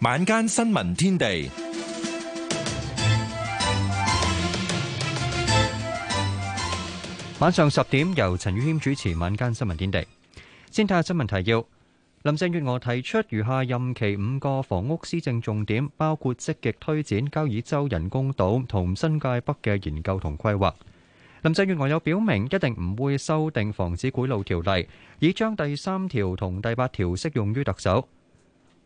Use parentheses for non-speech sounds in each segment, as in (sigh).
晚間新聞天地，晚上十點由陳宇謙主持。晚間新聞天地，先睇下新聞提要。林鄭月娥提出餘下任期五個房屋施政重點，包括積極推展交椅洲人工島同新界北嘅研究同規劃。林鄭月娥有表明，一定唔會修訂《防止賄賂條例》，以將第三條同第八條適用於特首。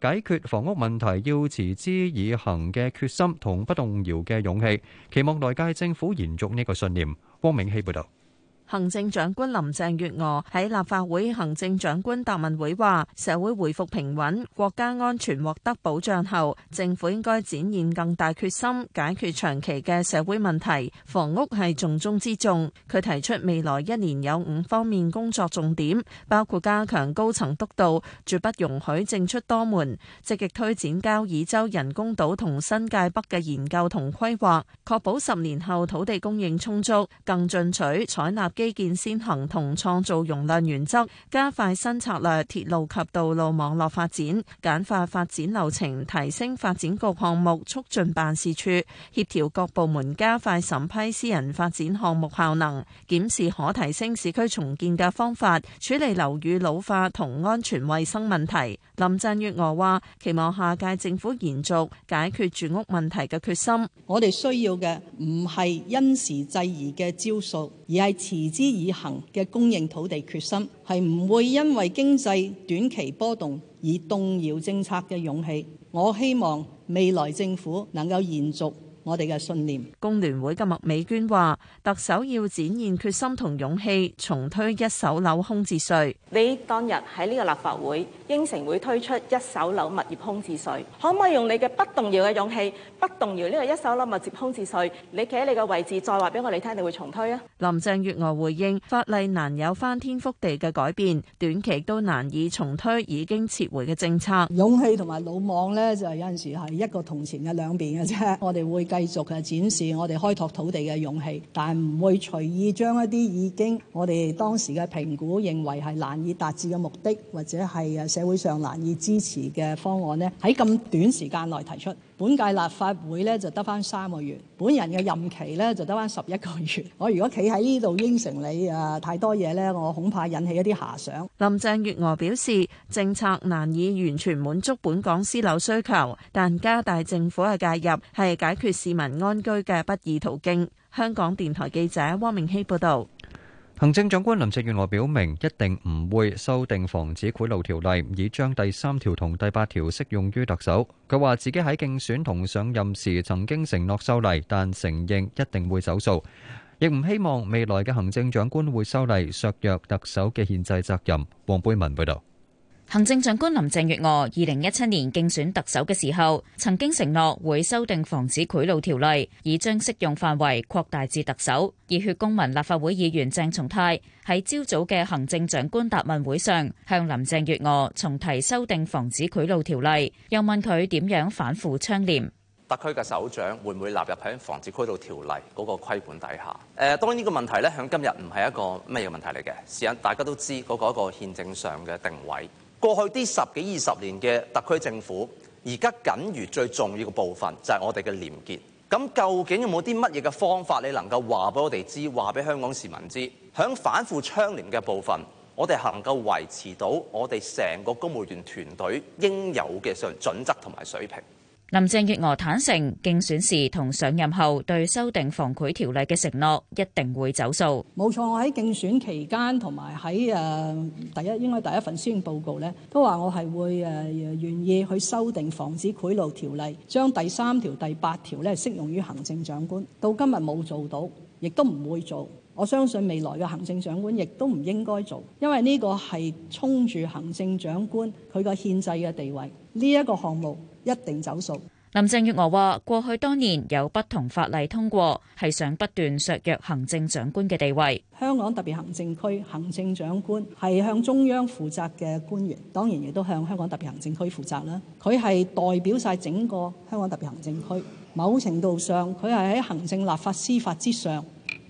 解決房屋問題要持之以恆嘅決心同不動搖嘅勇氣，期望內屆政府延續呢個信念。汪明熙報導。行政長官林鄭月娥喺立法會行政長官答問會話：社會回復平穩，國家安全獲得保障後，政府應該展現更大決心，解決長期嘅社會問題。房屋係重中之重。佢提出未來一年有五方面工作重點，包括加強高層督導，絕不容許政出多門；積極推展交椅洲人工島同新界北嘅研究同規劃，確保十年後土地供應充足，更進取採納，基建先行同創造容量原則，加快新策略鐵路及道路網絡發展，簡化發展流程，提升發展局項目促進辦事處，協調各部門，加快審批私人發展項目效能，檢視可提升市區重建嘅方法，處理樓宇老化同安全衛生問題。林鄭月娥話：期望下屆政府延續解決住屋問題嘅決心。我哋需要嘅唔係因時制宜嘅招數，而係持之以恒嘅供應土地決心，係唔會因為經濟短期波動而動搖政策嘅勇氣。我希望未來政府能夠延續。我哋嘅信念。工聯會嘅麥美娟話：特首要展現決心同勇氣，重推一手樓空置稅。你當日喺呢個立法會應承會推出一手樓物業空置稅，可唔可以用你嘅不動搖嘅勇氣，不動搖呢個一手樓物業空置稅？你企喺你個位置，再話俾我哋聽，你會重推啊？林鄭月娥回應：法例難有翻天覆地嘅改變，短期都難以重推已經撤回嘅政策。勇氣同埋魯莽呢，就係有陣時係一個銅錢嘅兩邊嘅啫。我哋會。繼續展示我哋開拓土地嘅勇氣，但唔會隨意將一啲已經我哋當時嘅評估認為係難以達至嘅目的，或者係社會上難以支持嘅方案咧，喺咁短時間內提出。本屆立法會咧就得翻三個月，本人嘅任期咧就得翻十一個月。我如果企喺呢度應承你啊，太多嘢咧，我恐怕引起一啲遐想。林鄭月娥表示，政策難以完全滿足本港私樓需求，但加大政府嘅介入係解決市民安居嘅不二途徑。香港電台記者汪明熙報道。行政長官林鄭月娥表明，一定唔會修訂防止賄賂條例，以將第三條同第八條適用於特首。佢話自己喺競選同上任時曾經承諾修例，但承認一定會走數，亦唔希望未來嘅行政長官會修例削弱特首嘅憲制責任。黃貝文報道。行政長官林鄭月娥二零一七年競選特首嘅時候，曾經承諾會修訂防止賄賂條例，以將適用範圍擴大至特首。熱血公民立法會議員鄭松泰喺朝早嘅行政長官答問會上，向林鄭月娥重提修訂防止賄賂條例，又問佢點樣反腐倡廉。特區嘅首長會唔會納入喺防止賄賂條例嗰個規管底下？誒，當然呢個問題呢，喺今日唔係一個咩嘢問題嚟嘅。事實上，大家都知嗰個一個憲政上嘅定位。過去啲十幾二十年嘅特區政府，而家僅餘最重要嘅部分就係我哋嘅廉潔。咁究竟有冇啲乜嘢嘅方法，你能夠話俾我哋知，話俾香港市民知，響反腐倡廉嘅部分，我哋能夠維持到我哋成個公務員團隊應有嘅上準則同埋水平？林鄭月娥坦承，競選時同上任後對修訂防賄條例嘅承諾一定會走數。冇錯，我喺競選期間同埋喺誒第一，應該第一份施政報告咧，都話我係會誒願意去修訂防止賄賂條例，將第三條、第八條咧適用於行政長官。到今日冇做到，亦都唔會做。我相信未來嘅行政長官亦都唔應該做，因為呢個係衝住行政長官佢個憲制嘅地位。呢一個項目一定走數。林鄭月娥話：過去多年有不同法例通過，係想不斷削弱行政長官嘅地位。香港特別行政區行政長官係向中央負責嘅官員，當然亦都向香港特別行政區負責啦。佢係代表晒整個香港特別行政區，某程度上佢係喺行政、立法、司法之上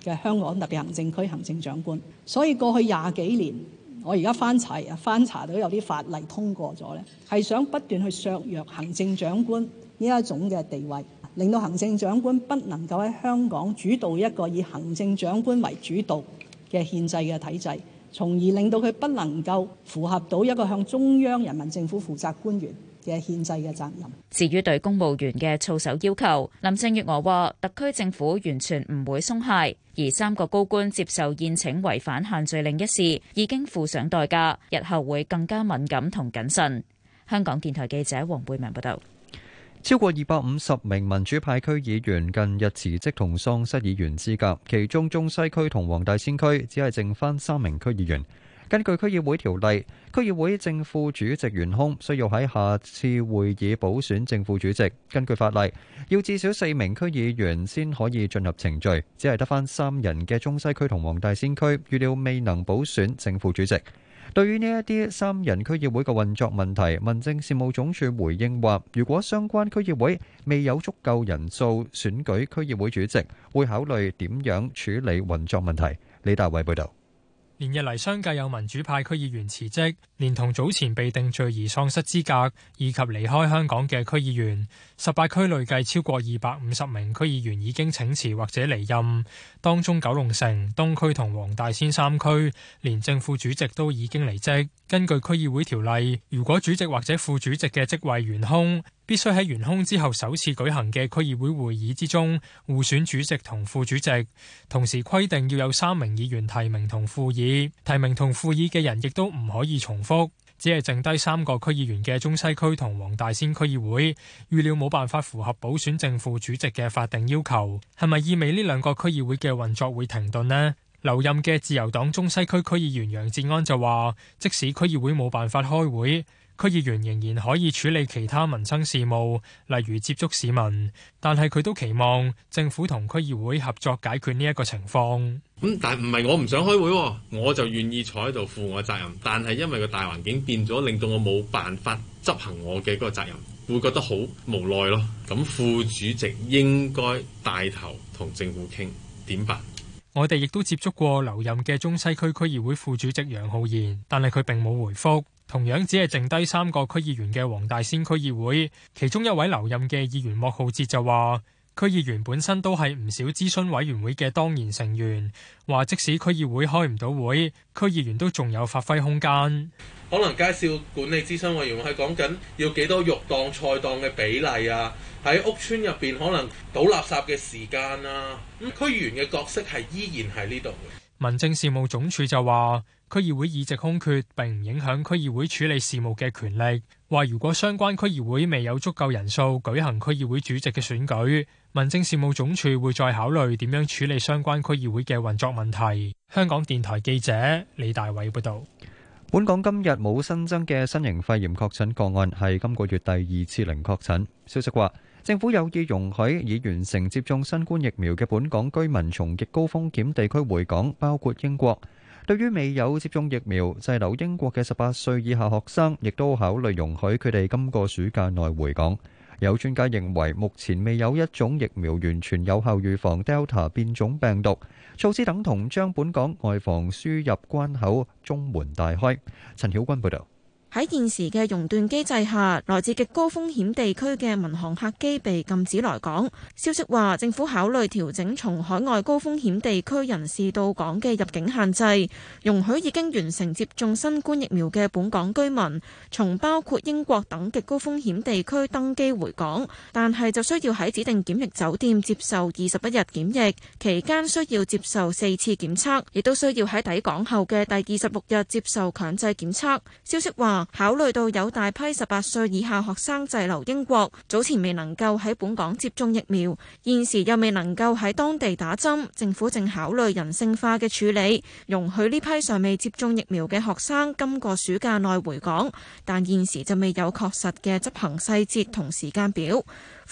嘅香港特別行政區行政長官。所以過去廿幾年。我而家翻查啊，翻查到有啲法例通過咗咧，係想不斷去削弱行政長官呢一種嘅地位，令到行政長官不能夠喺香港主導一個以行政長官為主導嘅憲制嘅體制，從而令到佢不能夠符合到一個向中央人民政府負責官員。嘅限制嘅責任。至於對公務員嘅操守要求，林鄭月娥話：特區政府完全唔會鬆懈。而三個高官接受宴請違反限聚令一事，已經付上代價，日後會更加敏感同謹慎。香港電台記者黃貝明報道，超過二百五十名民主派區議員近日辭職同喪失議員資格，其中中西區同黃大仙區只係剩翻三名區議員。根據區議會條例，區議會正副主席懸空，需要喺下次會議補選正副主席。根據法例，要至少四名區議員先可以進入程序，只係得返三人嘅中西區同黃大仙區，預料未能補選正副主席。對於呢一啲三人區議會嘅運作問題，民政事務總署回應話：如果相關區議會未有足夠人數選舉區議會主席，會考慮點樣處理運作問題。李大偉報導。連日嚟，相繼有民主派區議員辭職，連同早前被定罪而喪失資格以及離開香港嘅區議員，十八區累計超過二百五十名區議員已經請辭或者離任。當中九龍城、東區同黃大仙三區連政府主席都已經離職。根據區議會條例，如果主席或者副主席嘅職位懸空，必須喺懸空之後首次舉行嘅區議會會議之中互選主席同副主席，同時規定要有三名議員提名同副議，提名同副議嘅人亦都唔可以重複，只係剩低三個區議員嘅中西區同黃大仙區議會，預料冇辦法符合補選正副主席嘅法定要求，係咪意味呢兩個區議會嘅運作會停頓呢？留任嘅自由黨中西區區議員楊志安就話，即使區議會冇辦法開會。區議員仍然可以處理其他民生事務，例如接觸市民，但係佢都期望政府同區議會合作解決呢一個情況。嗯，但唔係我唔想開會喎，我就願意坐喺度負我責任，但係因為個大環境變咗，令到我冇辦法執行我嘅嗰個責任，會覺得好無奈咯。咁副主席應該帶頭同政府傾，點辦？我哋亦都接觸過留任嘅中西區區議會副主席楊浩然，但係佢並冇回覆同樣只係剩低三個區議員嘅黃大仙區議會，其中一位留任嘅議員莫浩哲就話：區議員本身都係唔少諮詢委員會嘅當然成員，話即使區議會開唔到會，區議員都仲有發揮空間。可能介紹管理諮詢委員會係講緊要幾多肉檔菜檔嘅比例啊，喺屋村入邊可能倒垃圾嘅時間啊，咁區議員嘅角色係依然喺呢度嘅。民政事務總署就話。區議會議席空缺，並唔影響區議會處理事務嘅權力。話如果相關區議會未有足夠人數舉行區議會主席嘅選舉，民政事務總署會再考慮點樣處理相關區議會嘅運作問題。香港電台記者李大偉報道。本港今日冇新增嘅新型肺炎確診個案，係今個月第二次零確診。消息話，政府有意容許已完成接種新冠疫苗嘅本港居民從極高風險地區回港，包括英國。對於未有接種疫苗、滯留英國嘅十八歲以下學生，亦都考慮容許佢哋今個暑假內回港。有專家認為，目前未有一種疫苗完全有效預防 Delta 變種病毒，措施等同將本港外防輸入關口中門大開。陳曉君報導。喺現時嘅熔斷機制下，來自極高風險地區嘅民航客機被禁止來港。消息話，政府考慮調整從海外高風險地區人士到港嘅入境限制，容許已經完成接種新冠疫苗嘅本港居民從包括英國等極高風險地區登機回港，但係就需要喺指定檢疫酒店接受二十一日檢疫，期間需要接受四次檢測，亦都需要喺抵港後嘅第二十六日接受強制檢測。消息話，考慮到有大批十八歲以下學生滯留英國，早前未能夠喺本港接種疫苗，現時又未能夠喺當地打針，政府正考慮人性化嘅處理，容許呢批尚未接種疫苗嘅學生今個暑假內回港，但現時就未有確實嘅執行細節同時間表。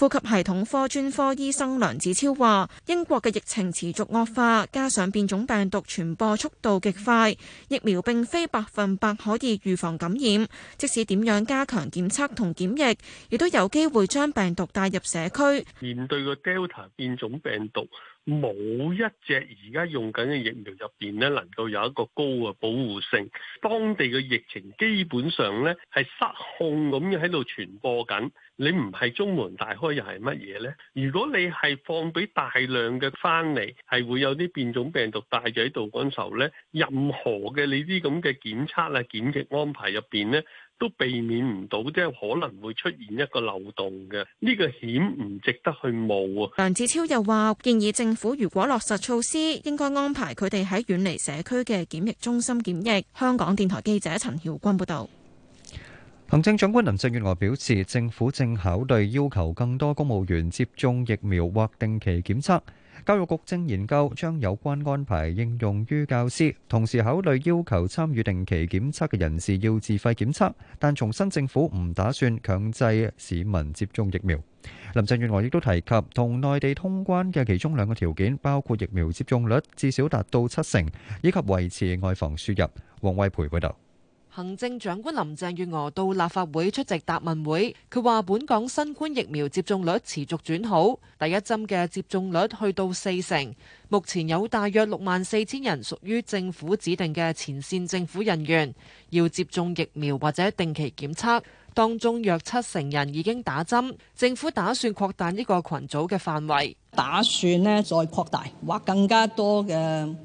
呼吸系統科專科醫生梁子超話，英國嘅疫情持續惡化，加上變種病毒傳播速度極快，疫苗並非百分百可以預防感染，即使點樣加強檢測同檢疫，亦都有機會將病毒帶入社區。面對個 Delta 變種病毒，冇一隻而家用緊嘅疫苗入邊咧，能夠有一個高嘅保護性。當地嘅疫情基本上咧係失控咁樣喺度傳播緊，你唔係中門大開又係乜嘢咧？如果你係放俾大量嘅翻嚟，係會有啲變種病毒帶住喺度，嗰陣時候咧，任何嘅你啲咁嘅檢測啊、檢疫安排入邊咧，都避免唔到，即係可能會出現一個漏洞嘅，呢個險唔值得去冒啊。梁子超又話建議政府如果落實措施，應該安排佢哋喺遠離社區嘅檢疫中心檢疫。香港電台記者陳曉君報道。行政長官林鄭月娥表示，政府正考慮要求更多公務員接種疫苗或定期檢測。教育局正研究將有關安排應用於教師，同時考慮要求參與定期檢測嘅人士要自費檢測。但重申政府唔打算強制市民接種疫苗。林鄭月娥亦都提及，同內地通關嘅其中兩個條件包括疫苗接種率至少達到七成，以及維持外防輸入。王惠培報導。行政長官林鄭月娥到立法會出席答問會，佢話本港新冠疫苗接種率持續轉好，第一針嘅接種率去到四成，目前有大約六萬四千人屬於政府指定嘅前線政府人員，要接種疫苗或者定期檢測。當中約七成人已經打針，政府打算擴大呢個群組嘅範圍，打算呢再擴大或更加多嘅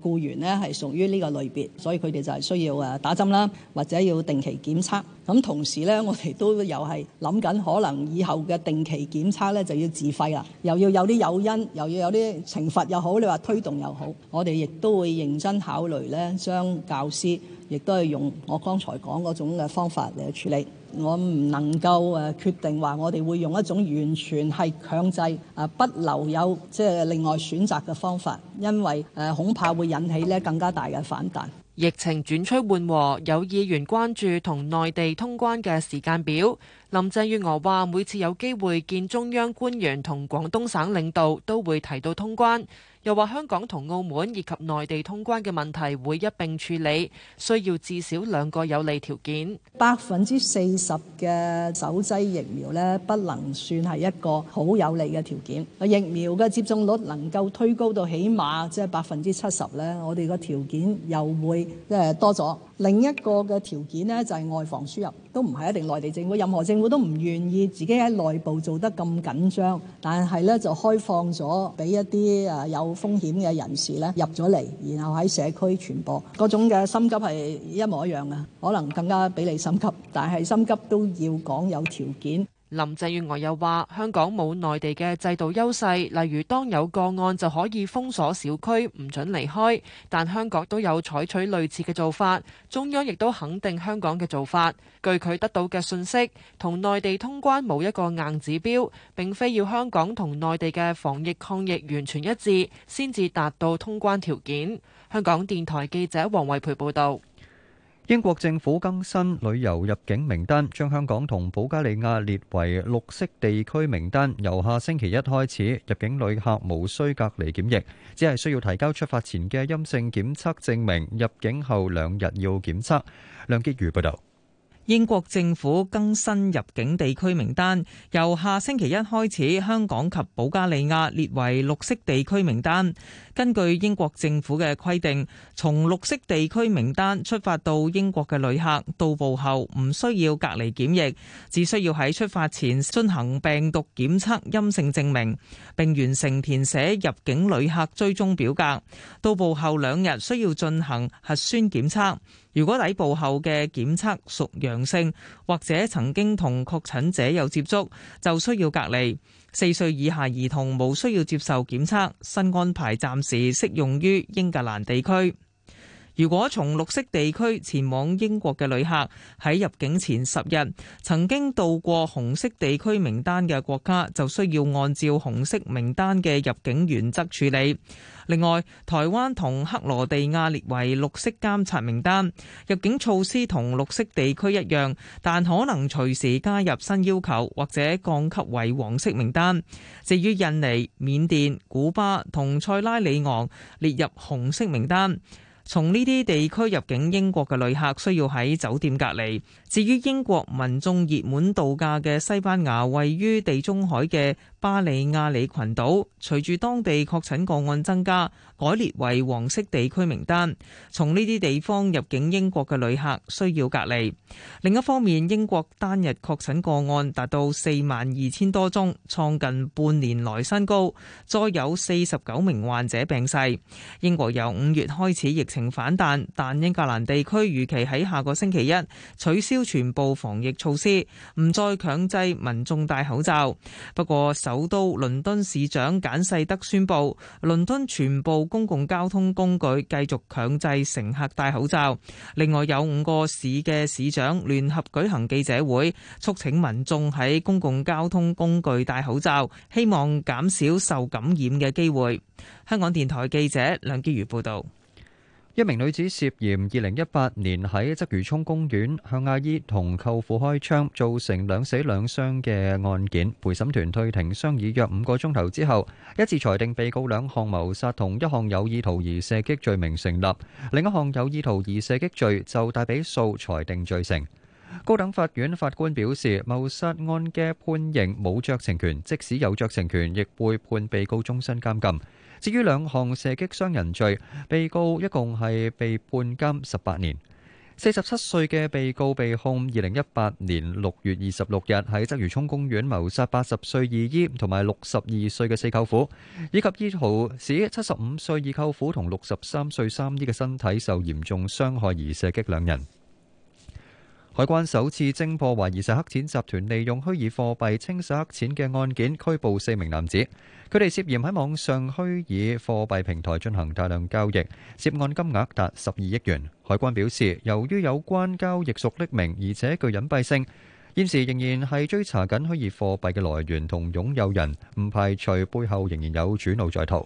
雇員呢係屬於呢個類別，所以佢哋就係需要誒打針啦，或者要定期檢測。咁同時呢，我哋都又係諗緊，可能以後嘅定期檢測呢就要自費啦，又要有啲誘因，又要有啲懲罰又好，你話推動又好，我哋亦都會認真考慮呢，將教師亦都係用我剛才講嗰種嘅方法嚟去處理。我唔能夠誒決定話，我哋會用一種完全係強制啊，不留有即係另外選擇嘅方法，因為誒恐怕會引起呢更加大嘅反彈。疫情轉趨緩和，有議員關注同內地通關嘅時間表。林鄭月娥話：每次有機會見中央官員同廣東省領導，都會提到通關。又話香港同澳門以及內地通關嘅問題會一並處理，需要至少兩個有利條件。百分之四十嘅首劑疫苗咧，不能算係一個好有利嘅條件。疫苗嘅接種率能夠推高到起碼即係百分之七十咧，我哋個條件又會即係多咗。另一個嘅條件呢，就係外防輸入，都唔係一定內地政府，任何政府都唔願意自己喺內部做得咁緊張。但係呢就開放咗俾一啲誒有風險嘅人士呢入咗嚟，然後喺社區傳播嗰種嘅心急係一模一樣嘅，可能更加比你心急，但係心急都要講有條件。林鄭月娥又話：香港冇內地嘅制度優勢，例如當有個案就可以封鎖小區，唔准離開。但香港都有採取類似嘅做法，中央亦都肯定香港嘅做法。據佢得到嘅信息，同內地通關冇一個硬指標，並非要香港同內地嘅防疫抗疫完全一致先至達到通關條件。香港電台記者黃惠培報道。英國政府更新旅遊入境名單，將香港同保加利亞列為綠色地區名單。由下星期一開始，入境旅客無需隔離檢疫，只係需要提交出發前嘅陰性檢測證明。入境後兩日要檢測。梁潔如報道。英國政府更新入境地區名單，由下星期一開始，香港及保加利亞列為綠色地區名單。根據英國政府嘅規定，從綠色地區名單出發到英國嘅旅客，到埗後唔需要隔離檢疫，只需要喺出發前進行病毒檢測陰性證明，並完成填寫入境旅客追蹤表格。到埗後兩日需要進行核酸檢測。如果抵埠後嘅檢測屬陽性，或者曾經同確診者有接觸，就需要隔離。四歲以下兒童無需要接受檢測，新安排暫時適用於英格蘭地區。如果從綠色地區前往英國嘅旅客，喺入境前十日曾經到過紅色地區名單嘅國家，就需要按照紅色名單嘅入境原則處理。另外，台灣同克羅地亞列為綠色監察名單，入境措施同綠色地區一樣，但可能隨時加入新要求，或者降級為黃色名單。至於印尼、緬甸、古巴同塞拉利昂列入紅色名單。從呢啲地區入境英國嘅旅客需要喺酒店隔離。至於英國民眾熱門度假嘅西班牙位於地中海嘅巴利亞里群島，隨住當地確診個案增加，改列為黃色地區名單。從呢啲地方入境英國嘅旅客需要隔離。另一方面，英國單日確診個案達到四萬二千多宗，創近半年來新高，再有四十九名患者病逝。英國由五月開始疫情反彈，但英格蘭地區預期喺下個星期一取消全部防疫措施，唔再強制民眾戴口罩。不過，首都倫敦市長簡世德宣布，倫敦全部公共交通工具繼續強制乘客戴口罩。另外，有五個市嘅市長聯合舉行記者會，促請民眾喺公共交通工具戴口罩，希望減少受感染嘅機會。香港電台記者梁基如報導。一名女子涉嫌2018年喺鰂魚涌公園向阿姨同舅父開槍，造成兩死兩傷嘅案件，陪審團退庭商議約五個鐘頭之後，一致裁定被告兩項謀殺同一項有意圖而射擊罪名成立，另一項有意圖而射擊罪就大比數裁定罪成。高等法院法官表示，謀殺案嘅判刑冇酌情權，即使有酌情權，亦會判被告終身監禁。至於兩項射擊傷人罪，被告一共係被判監十八年。四十七歲嘅被告被控，二零一八年六月二十六日喺鰂魚涌公園謀殺八十歲二姨同埋六十二歲嘅四舅父，以及意圖使七十五歲二舅父同六十三歲三姨嘅身體受嚴重傷害而射擊兩人。海關首次偵破懷疑是黑錢集團利用虛擬貨幣清洗黑錢嘅案件，拘捕四名男子。佢哋涉嫌喺網上虛擬貨幣平台進行大量交易，涉案金額達十二億元。海關表示，由於有關交易屬匿名而且具隱蔽性，現時仍然係追查緊虛擬貨幣嘅來源同擁有人，唔排除背後仍然有主腦在逃。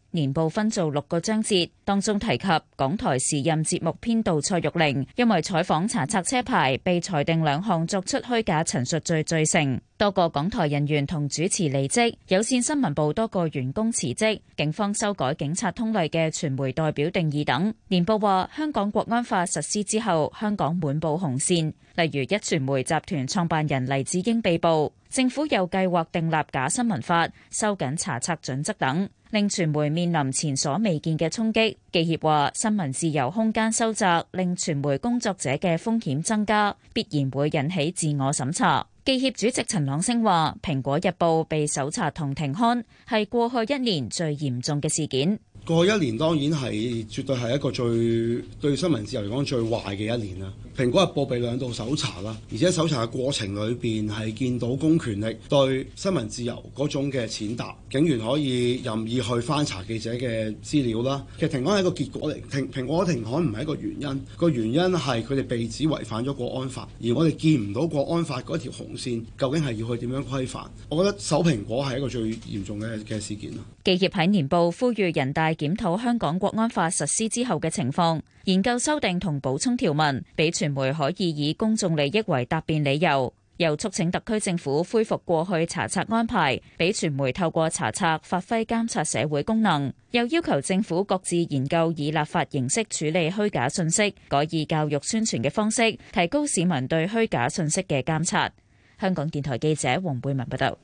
年報分做六個章節，當中提及港台時任節目編導蔡玉玲因為採訪查冊車牌被裁定兩項作出虛假陳述罪，罪罪成，多個港台人員同主持離職，有線新聞部多個員工辭職，警方修改警察通例嘅傳媒代表定義等。年報話，香港國安法實施之後，香港滿布紅線，例如一傳媒集團創辦人黎智英被捕，政府又計劃訂立假新聞法，收緊查冊準則等。令傳媒面臨前所未見嘅衝擊，記協話新聞自由空間收窄，令傳媒工作者嘅風險增加，必然會引起自我審查。記協主席陳朗昇話，蘋果日報被搜查同停刊，係過去一年最嚴重嘅事件。過去一年當然係絕對係一個最對新聞自由嚟講最壞嘅一年啦。蘋果日報被兩度搜查啦，而且搜查嘅過程裏邊係見到公權力對新聞自由嗰種嘅踐踏，警員可以任意去翻查記者嘅資料啦。其實停刊係一個結果嚟，蘋蘋果停刊唔係一個原因。個原因係佢哋被指違反咗國安法，而我哋見唔到國安法嗰條紅線究竟係要去點樣規範。我覺得搜蘋果係一個最嚴重嘅嘅事件啦。記協喺年報呼籲人大檢討香港國安法實施之後嘅情況，研究修訂同補充條文，俾傳媒可以以公眾利益為答辯理由，又促請特區政府恢復過去查冊安排，俾傳媒透過查冊發揮監察社會功能，又要求政府各自研究以立法形式處理虛假信息，改以教育宣傳嘅方式，提高市民對虛假信息嘅監察。香港電台記者黃貝文報道。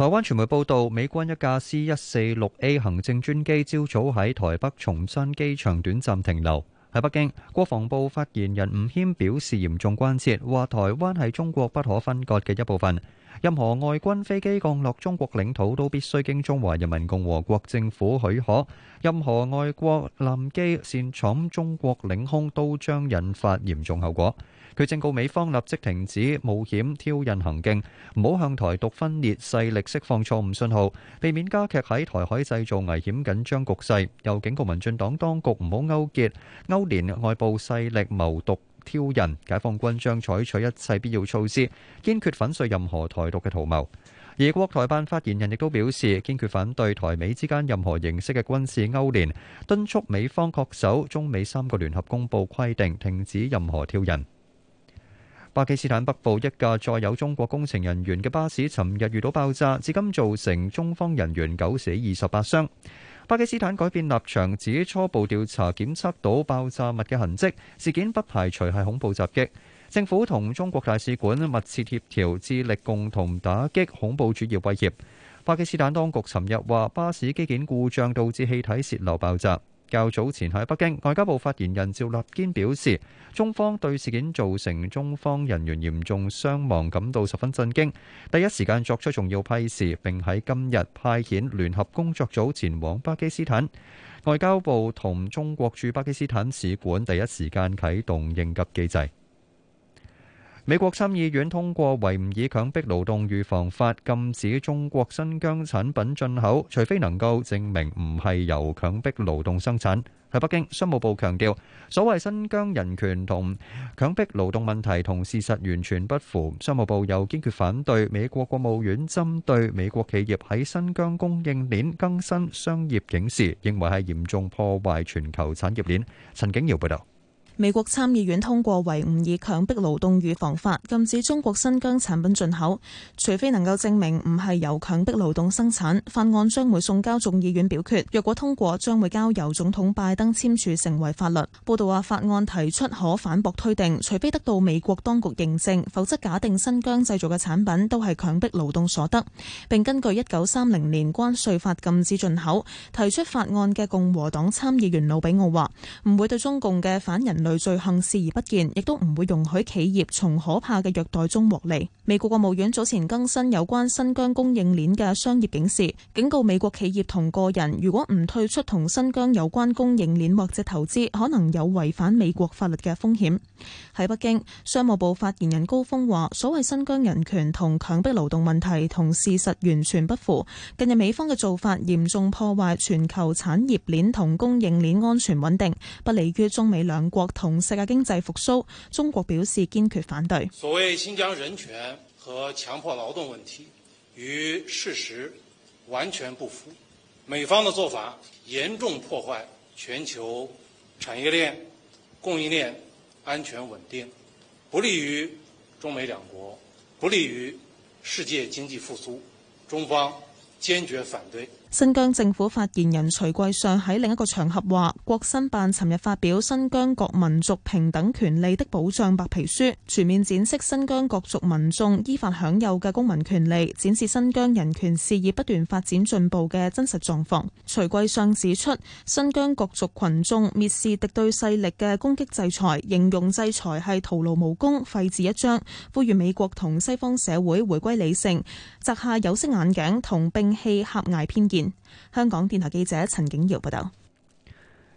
台灣傳媒報道，美軍一架 C 一四六 A 行政專機朝早喺台北松山機場短暫停留。喺北京，國防部發言人吳謙表示嚴重關切，話台灣係中國不可分割嘅一部分。任何外軍飛機降落中國領土都必須經中華人民共和國政府許可；任何外國艦機擅闖中國領空都將引發嚴重後果。佢正告美方立即停止冒險挑釁行徑，唔好向台獨分裂勢力釋放錯誤信號，避免加劇喺台海製造危險緊張局勢。又警告民進黨當局唔好勾結、勾連外部勢力謀獨。挑釁，解放軍將採取一切必要措施，堅決粉碎任何台獨嘅圖謀。而國台辦發言人亦都表示，堅決反對台美之間任何形式嘅軍事勾連，敦促美方恪守中美三個聯合公報規定，停止任何挑釁。巴基斯坦北部一架載有中國工程人員嘅巴士，尋日遇到爆炸，至今造成中方人員九死二十八傷。巴基斯坦改變立場，指初步調查檢測到爆炸物嘅痕跡，事件不排除係恐怖襲擊。政府同中國大使館密切協調，致力共同打擊恐怖主義威脅。巴基斯坦當局尋日話，巴士機件故障導致氣體洩漏爆炸。較早前喺北京，外交部發言人趙立堅表示，中方對事件造成中方人員嚴重傷亡感到十分震驚，第一時間作出重要批示，並喺今日派遣聯合工作組前往巴基斯坦。外交部同中國駐巴基斯坦使館第一時間啟動應急機制。美國參議院通過《維吾爾強迫勞動預防法》，禁止中國新疆產品進口，除非能夠證明唔係由強迫勞動生產。喺北京，商務部強調，所謂新疆人權同強迫勞動問題同事實完全不符，商務部又堅決反對美國國務院針對美國企業喺新疆供應鏈更新商業警示，認為係嚴重破壞全球產業鏈。陳景瑤報道。美國參議院通過維吾爾強迫勞動預防法，禁止中國新疆產品進口，除非能夠證明唔係由強迫勞動生產。法案將會送交眾議院表決，若果通過，將會交由總統拜登簽署成為法律。報道話，法案提出可反駁推定，除非得到美國當局認證，否則假定新疆製造嘅產品都係強迫勞動所得，並根據一九三零年關稅法禁止進口。提出法案嘅共和黨參議員魯比奧話：唔會對中共嘅反人類罪行視而不見，亦都唔會容許企業從可怕嘅虐待中獲利。美國國務院早前更新有關新疆供應鏈嘅商業警示，警告美國企業同個人如果唔退出同新疆有關供應鏈或者投資，可能有違反美國法律嘅風險。喺北京，商務部發言人高峰話，所謂新疆人權同強迫勞動問題同事實完全不符。近日美方嘅做法嚴重破壞全球產業鏈同供應鏈安全穩定，不利於中美兩國。同世界經濟復甦，中國表示堅決反對。所謂新疆人權和強迫勞動問題與事實完全不符。美方的做法嚴重破壞全球產業鏈、供應鏈安全穩定，不利於中美兩國，不利於世界經濟復甦。中方堅決反對。新疆政府發言人徐貴上喺另一個場合話，國新辦尋日發表《新疆各民族平等權利的保障白皮書》，全面展示新疆各族民眾依法享有嘅公民權利，展示新疆人權事業不斷發展進步嘅真實狀況。徐貴上指出，新疆各族群眾蔑視敵對勢力嘅攻擊制裁，形容制裁係徒勞無功、廢紙一張，呼籲美國同西方社會回歸理性，摘下有色眼鏡同摒棄狹隘偏見。香港電台記者陳景堯報道。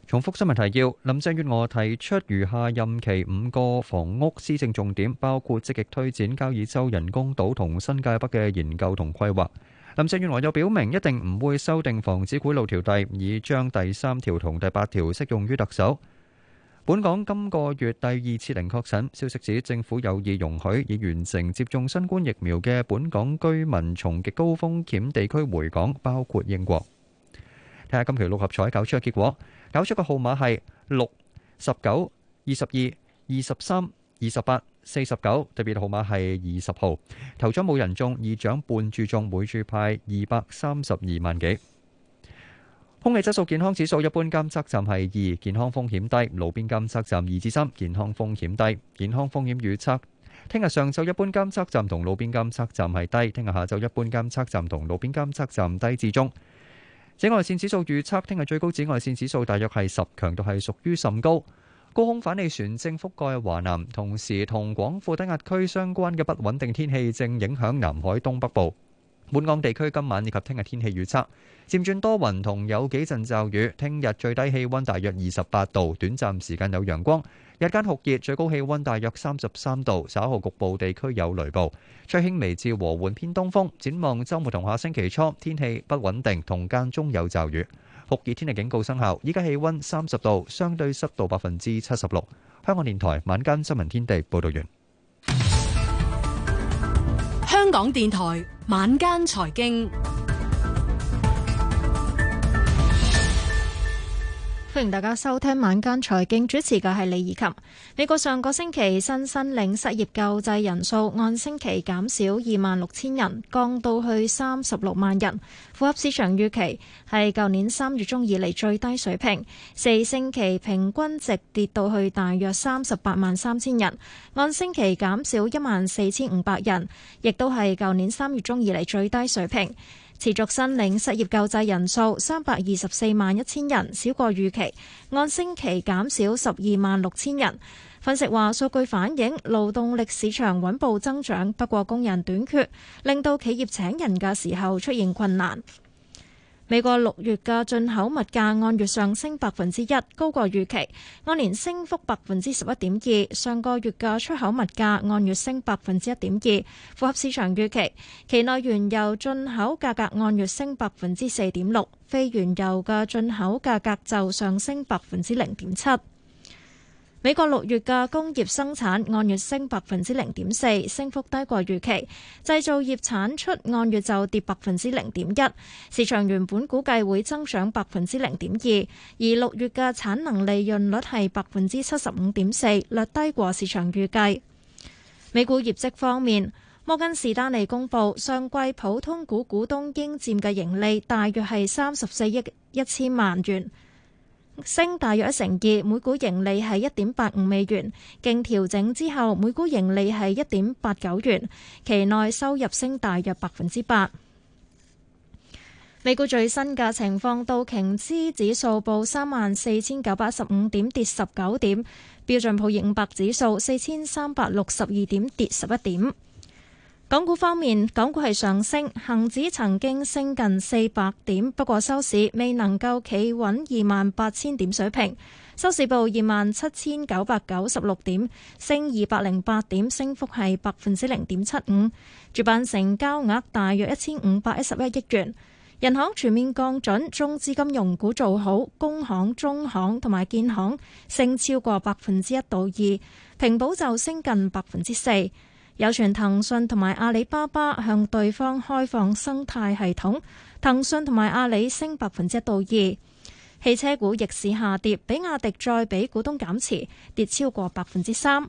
重複新聞提要：林鄭月娥提出餘下任期五個房屋施政重點，包括積極推展交椅洲人工島同新界北嘅研究同規劃。林鄭月娥又表明，一定唔會修訂《防止賄賂條例》，以將第三條同第八條適用於特首。本港今個月第二次零確診，消息指政府有意容許已完成接種新冠疫苗嘅本港居民從極高風險地區回港，包括英國。睇下今期六合彩搞出嘅結果，搞出個號碼係六、十九、二十二、二十三、二十八、四十九，特別號碼係二十號。頭獎冇人中，二獎半注中，每注派二百三十二萬幾。空氣質素健康指數一般監測站係二，健康風險低；路邊監測站二至三，3, 健康風險低。健康風險預測：聽日上晝一般監測站同路邊監測站係低，聽日下晝一般監測站同路邊監測站低至中。紫外線指數預測：聽日最高紫外線指數大約係十，強度係屬於甚高。高空反氣旋正覆蓋華南，同時同廣闊低壓區相關嘅不穩定天氣正影響南海東北部。本港地區今晚以及聽日天氣預測，漸轉多雲同有幾陣驟雨，聽日最低氣温大約二十八度，短暫時間有陽光，日間酷熱，最高氣温大約三十三度，稍後局部地區有雷暴，吹輕微至和緩偏東風。展望週末同下星期初，天氣不穩定同間中有驟雨，酷熱天氣警告生效。依家氣温三十度，相對濕度百分之七十六。香港電台晚間新聞天地，報道完。香港電台晚間財經。歡迎大家收聽晚間財經，主持嘅係李怡琴。美國上個星期新申領失業救濟人數按星期減少二萬六千人，降到去三十六萬人，符合市場預期，係舊年三月中以嚟最低水平。四星期平均值跌到去大約三十八萬三千人，按星期減少一萬四千五百人，亦都係舊年三月中以嚟最低水平。持續申領失業救濟人數三百二十四萬一千人，少過預期，按星期減少十二萬六千人。分析話數據反映勞動力市場穩步增長，不過工人短缺，令到企業請人嘅時候出現困難。美國六月嘅進口物價按月上升百分之一，高過預期，按年升幅百分之十一點二。上個月嘅出口物價按月升百分之一點二，符合市場預期。期內原油進口價格按月升百分之四點六，非原油嘅進口價格就上升百分之零點七。美國六月嘅工業生產按月升百分之零點四，升幅低過預期。製造業產出按月就跌百分之零點一，市場原本估計會增長百分之零點二。而六月嘅產能利潤率係百分之七十五點四，略低過市場預計。美股業績方面，摩根士丹利公布上季普通股股東應佔嘅盈利大約係三十四億一千萬元。升大約一成二，每股盈利係一點八五美元，經調整之後每股盈利係一點八九元，期內收入升大約百分之八。美股最新嘅情況，道瓊斯指數報三萬四千九百十五點，跌十九點；標準普爾五百指數四千三百六十二點，跌十一點。港股方面，港股係上升，恒指曾經升近四百點，不過收市未能夠企穩二萬八千點水平，收市報二萬七千九百九十六點，升二百零八點，升幅係百分之零點七五。主板成交額大約一千五百一十一億元。人行全面降準，中資金融股做好，工行、中行同埋建行升超過百分之一到二，平保就升近百分之四。有傳騰訊同埋阿里巴巴向對方開放生態系統，騰訊同埋阿里升百分之一到二，汽車股逆市下跌，比亞迪再俾股東減持，跌超過百分之三。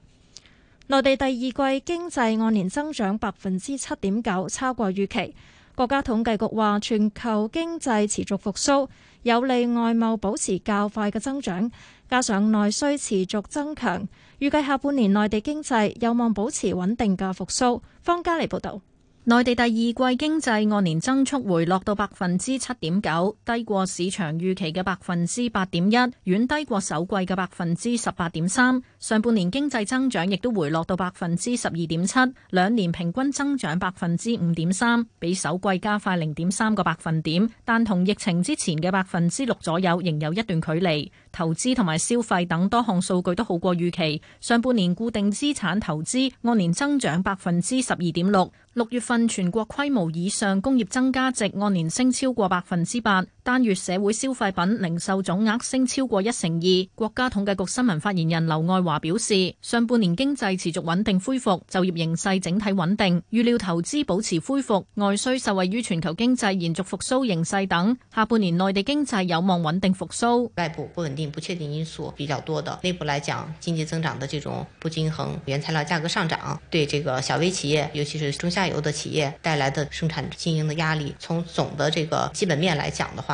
內地第二季經濟按年增長百分之七點九，超過預期。國家統計局話，全球經濟持續復甦，有利外貿保持較快嘅增長，加上內需持續增強。預計下半年內地經濟有望保持穩定嘅復甦。方嘉莉報導，內地第二季經濟按年增速回落到百分之七點九，低過市場預期嘅百分之八點一，遠低過首季嘅百分之十八點三。上半年經濟增長亦都回落到百分之十二點七，兩年平均增長百分之五點三，比首季加快零點三個百分點，但同疫情之前嘅百分之六左右仍有一段距離。投資同埋消費等多項數據都好過預期，上半年固定資產投資按年增長百分之十二點六，六月份全國規模以上工業增加值按年升超過百分之八。單月社會消費品零售總額升超過一成二，國家統計局新聞發言人劉愛華表示，上半年經濟持續穩定恢復，就業形勢整體穩定，預料投資保持恢復，外需受惠於全球經濟延續復甦形勢等，下半年內地經濟有望穩定復甦。外部不穩定、不確定因素比較多的，內部來講，經濟增長的這種不均衡，原材料價格上漲，對這個小微企業，尤其是中下游的企業帶來的生產經營的壓力，從總的這個基本面來講的話。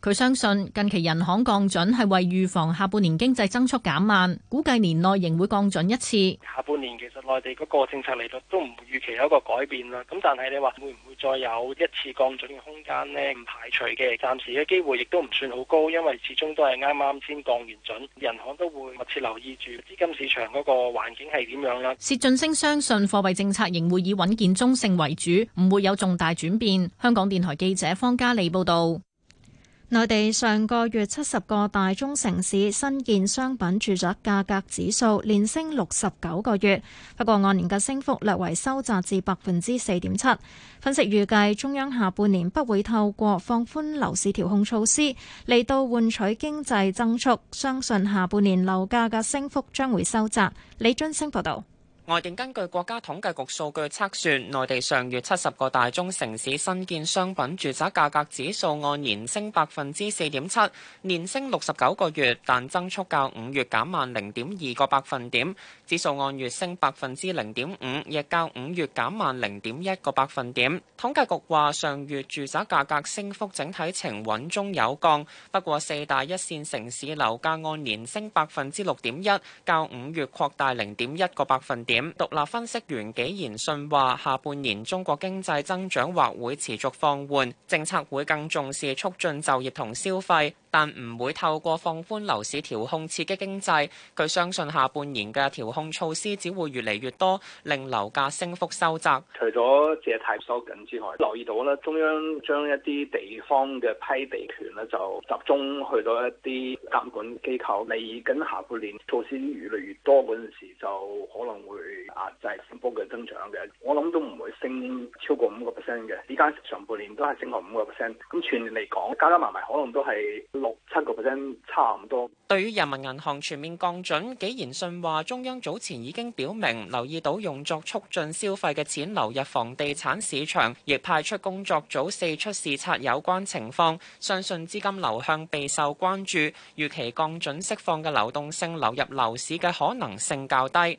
佢相信近期人行降準係為預防下半年經濟增速減慢，估計年內仍會降準一次。下半年其實內地嗰個政策利率都唔預期有一個改變啦。咁但係你話會唔會再有一次降準嘅空間咧？唔排除嘅，暫時嘅機會亦都唔算好高，因為始終都係啱啱先降完準，人行都會密切留意住資金市場嗰個環境係點樣啦。薛俊升相信貨幣政策仍會以穩健中性為主，唔會有重大轉變。香港電台記者方嘉莉報道。內地上個月七十個大中城市新建商品住宅價格指數連升六十九個月，不過按年嘅升幅略為收窄至百分之四點七。分析預計，中央下半年不會透過放寬樓市調控措施嚟到換取經濟增速，相信下半年樓價嘅升幅將會收窄。李津升報道。外電根據國家統計局數據測算，內地上月七十個大中城市新建商品住宅價格指數按年升百分之四點七，年升六十九個月，但增速較五月減慢零點二個百分點，指數按月升百分之零點五，亦較五月減慢零點一個百分點。統計局話，上月住宅價格升幅整體呈穩中有降，不過四大一線城市樓價按年升百分之六點一，較五月擴大零點一個百分點。獨立分析員紀賢信話：下半年中國經濟增長或會持續放緩，政策會更重視促進就業同消費，但唔會透過放寬樓市調控刺激經濟。佢相信下半年嘅調控措施只會越嚟越多，令樓價升幅收窄。除咗借貸收緊之外，留意到咧，中央將一啲地方嘅批備權咧就集中去到一啲監管機構。嚟緊下半年措施越嚟越多嗰陣時，就可能會。壓制，先幫佢增長嘅。我諗都唔會升超過五個 percent 嘅。依家上半年都係升過五個 percent，咁全年嚟講加加埋埋可能都係六七個 percent，差唔多。對於人民銀行全面降準，紀言信話：中央早前已經表明留意到用作促進消費嘅錢流入房地產市場，亦派出工作組四出視察有關情況。相信資金流向備受關注，預期降準釋放嘅流動性流入樓市嘅可能性較低。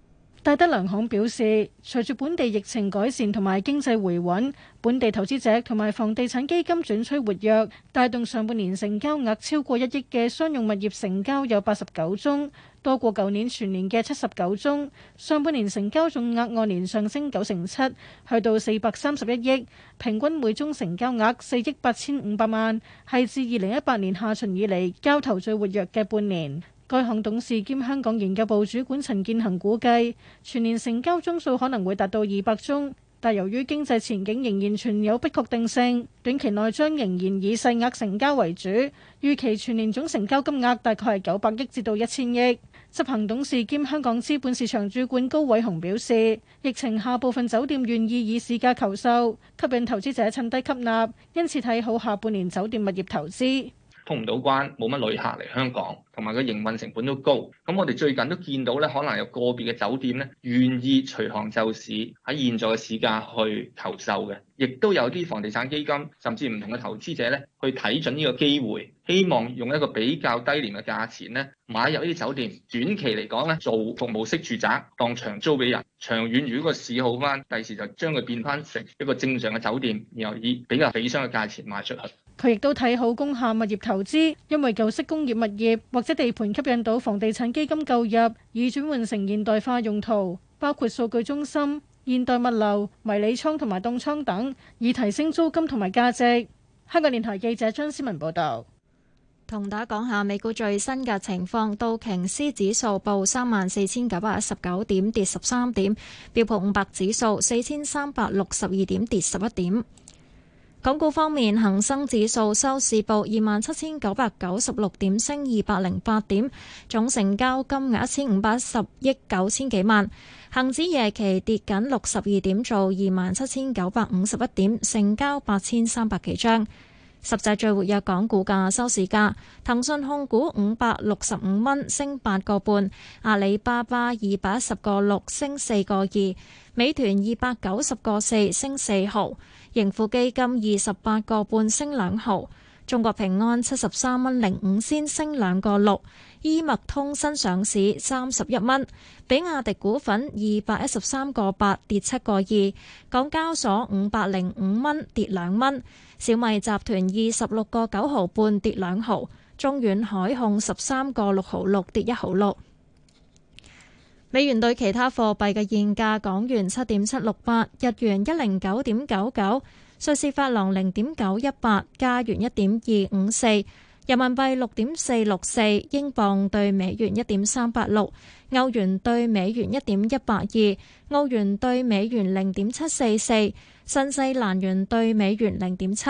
戴德梁行表示，隨住本地疫情改善同埋經濟回穩，本地投資者同埋房地產基金轉趨活躍，帶動上半年成交額超過一億嘅商用物業成交有八十九宗，多過舊年全年嘅七十九宗。上半年成交總額按年上升九成七，去到四百三十一億，平均每宗成交額四億八千五百萬，係自二零一八年下旬以嚟交投最活躍嘅半年。該行董事兼香港研究部主管陳建恒估計，全年成交宗數可能會達到二百宗，但由於經濟前景仍然存有不確定性，短期內將仍然以細額成交為主。預期全年總成交金額大概係九百億至到一千億。執行董事兼香港資本市場主管高偉雄表示，疫情下部分酒店願意以市價求售，吸引投資者趁低吸納，因此睇好下半年酒店物業投資。通唔到關，冇乜旅客嚟香港，同埋個營運成本都高。咁我哋最近都見到咧，可能有個別嘅酒店咧願意隨行就市，喺現在嘅市價去投售嘅。亦都有啲房地產基金，甚至唔同嘅投資者咧，去睇準呢個機會，希望用一個比較低廉嘅價錢咧買入呢啲酒店。短期嚟講咧，做服務式住宅當長租俾人。長遠如果個市好翻，第時就將佢變翻成一個正常嘅酒店，然後以比較理想嘅價錢賣出去。佢亦都睇好工廈物業投資，因為舊式工業物業或者地盤吸引到房地產基金購入，已轉換成現代化用途，包括數據中心、現代物流、迷你倉同埋凍倉等，以提升租金同埋價值。香港電台記者張思文報道。同大家講下，美股最新嘅情況，道瓊斯指數報三萬四千九百一十九點，跌十三點，標普五百指數四千三百六十二點，跌十一點。港股方面，恆生指數收市報二萬七千九百九十六點，升二百零八點，總成交金額一千五百一十億九千幾萬。恒指夜期跌緊六十二點，做二萬七千九百五十一點，成交八千三百幾張。十隻最活躍港股嘅收市價，騰訊控股五百六十五蚊，升八個半；阿里巴巴二百一十個六，升四個二；美團二百九十個四，升四毫。盈富基金二十八個半，升兩毫，中國平安七十三蚊零五仙，升兩個六，醫脈通新上市三十一蚊，比亞迪股份二百一十三個八，跌七個二，港交所五百零五蚊，跌兩蚊，小米集團二十六個九毫半，跌兩毫，中遠海控十三個六毫六，跌一毫六。美元兌其他貨幣嘅現價：港元七點七六八，日元一零九點九九，瑞士法郎零點九一八，加元一點二五四，人民幣六點四六四，英鎊對美元一點三八六，歐元對美元一點一八二，澳元對美元零點七四四，新西蘭元對美元零點七。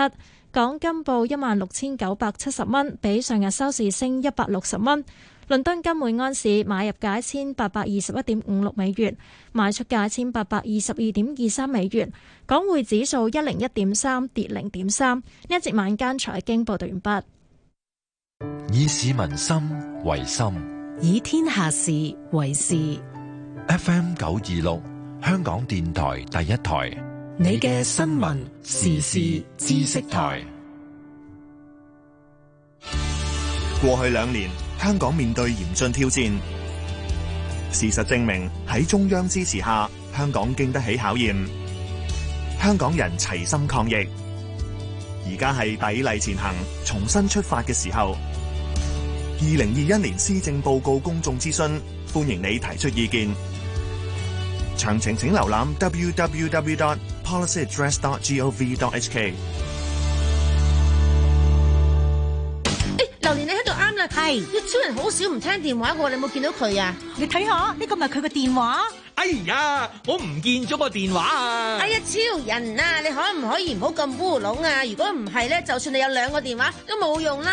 港金報一萬六千九百七十蚊，比上日收市升一百六十蚊。倫敦金每安士買入價一千八百二十一點五六美元，賣出價一千八百二十二點二三美元。港匯指數一零一點三，跌零點三。呢一節晚間財經報道完畢。以市民心為心，以天下事為事。F M 九二六，26，香港電台第一台，你嘅新聞時事知識台。過去兩年。香港面對嚴峻挑戰，事實證明喺中央支持下，香港經得起考驗。香港人齊心抗疫，而家係砥礪前行、重新出發嘅時候。二零二一年施政報告公眾諮詢，歡迎你提出意見。詳情請瀏覽 www.policyaddress.gov.hk。欸。誒，係，超人好少唔聽電話喎，你有冇見到佢啊？你睇下呢個咪佢個電話？哎呀，我唔見咗個電話啊！哎呀，超人啊，你可唔可以唔好咁烏龍啊？如果唔係咧，就算你有兩個電話都冇用啦。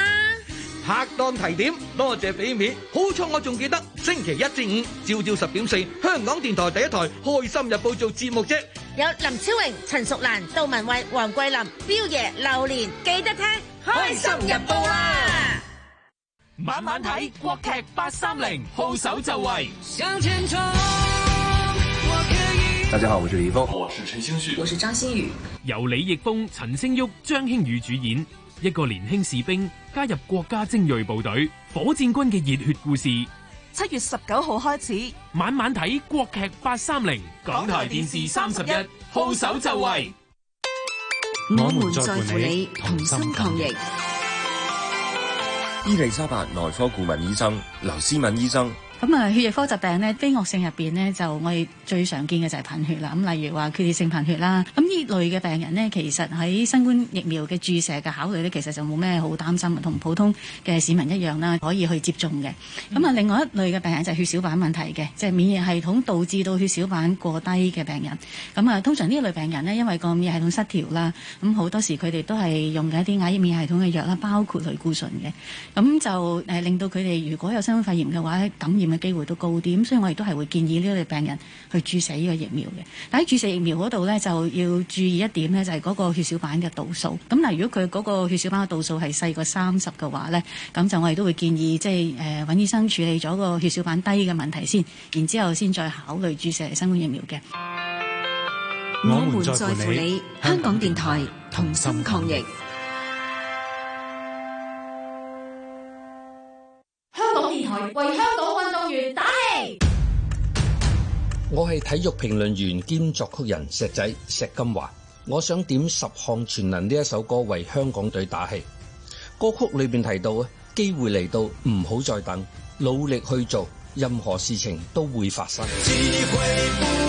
拍檔提點，多謝俾面。好彩我仲記得，星期一至五，朝朝十點四，香港電台第一台《開心日報》做節目啫。有林超榮、陳淑蘭、杜文慧、黃桂林、彪爺、榴蓮，記得聽《開心日報》啊！晚晚睇國劇八三零，號手就位。向前衝！大家可以。大家好，我是李易峰，我是陳星旭，我是張馨予。由李易峰、陳星旭、張馨予主演，一個年輕士兵加入國家精銳部隊火箭軍嘅熱血故事。七月十九號開始，晚晚睇國劇八三零，港台電視三十一，號手就位。我們在乎你，同心抗疫。同伊麗莎白內科顧問醫生劉思敏醫生。咁啊，血液科疾病呢，非惡性入邊呢，就我哋最常見嘅就係貧血啦。咁例如話缺鐵性貧血啦，咁呢類嘅病人呢，其實喺新冠疫苗嘅注射嘅考慮呢，其實就冇咩好擔心，同普通嘅市民一樣啦，可以去接種嘅。咁啊，另外一類嘅病人就係血小板問題嘅，即係免疫系統導致到血小板過低嘅病人。咁啊，通常呢一類病人呢，因為個免疫系統失調啦，咁好多時佢哋都係用緊一啲壓抑免疫系統嘅藥啦，包括類固醇嘅。咁就誒令到佢哋如果有新冠肺炎嘅話感染。嘅機會都高啲，咁所以我亦都係會建議呢類病人去注射呢個疫苗嘅。但喺注射疫苗嗰度咧，就要注意一點咧，就係嗰個血小板嘅度數。咁嗱，如果佢嗰個血小板嘅度數係細過三十嘅話咧，咁就我亦都會建議，即係誒揾醫生處理咗個血小板低嘅問題先，然之後先再考慮注射新冠疫苗嘅。我們在乎你，香港電台同心抗疫。抗疫香港電台為香港打我係體育評論員兼作曲人石仔、石金華，我想點十項全能呢一首歌為香港隊打氣。歌曲裏邊提到啊，機會嚟到唔好再等，努力去做，任何事情都會發生。 (music)